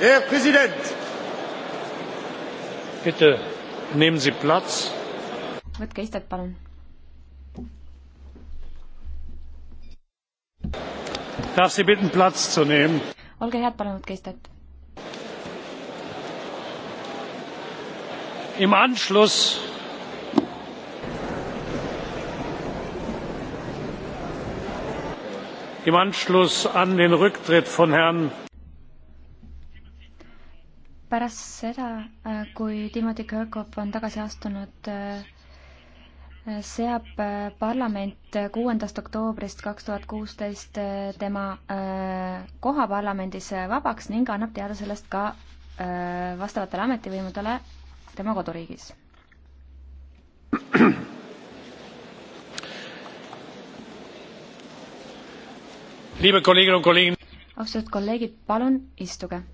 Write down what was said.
Herr Präsident! Bitte nehmen Sie Platz. Võtke istet, palun. Darf Sie bitten, Platz zu nehmen? Olge head, palun võtke istet. Im Anschluss im Anschluss an den Rücktritt von Herrn pärast seda, äh, kui Timothy Kirkhoff on tagasi astunud, äh, seab äh, parlament kuuendast oktoobrist kaks tuhat kuusteist tema koha parlamendis vabaks ning annab teada sellest ka vastavatele ametivõimudele tema koduriigis. austatud kolleegid, palun istuge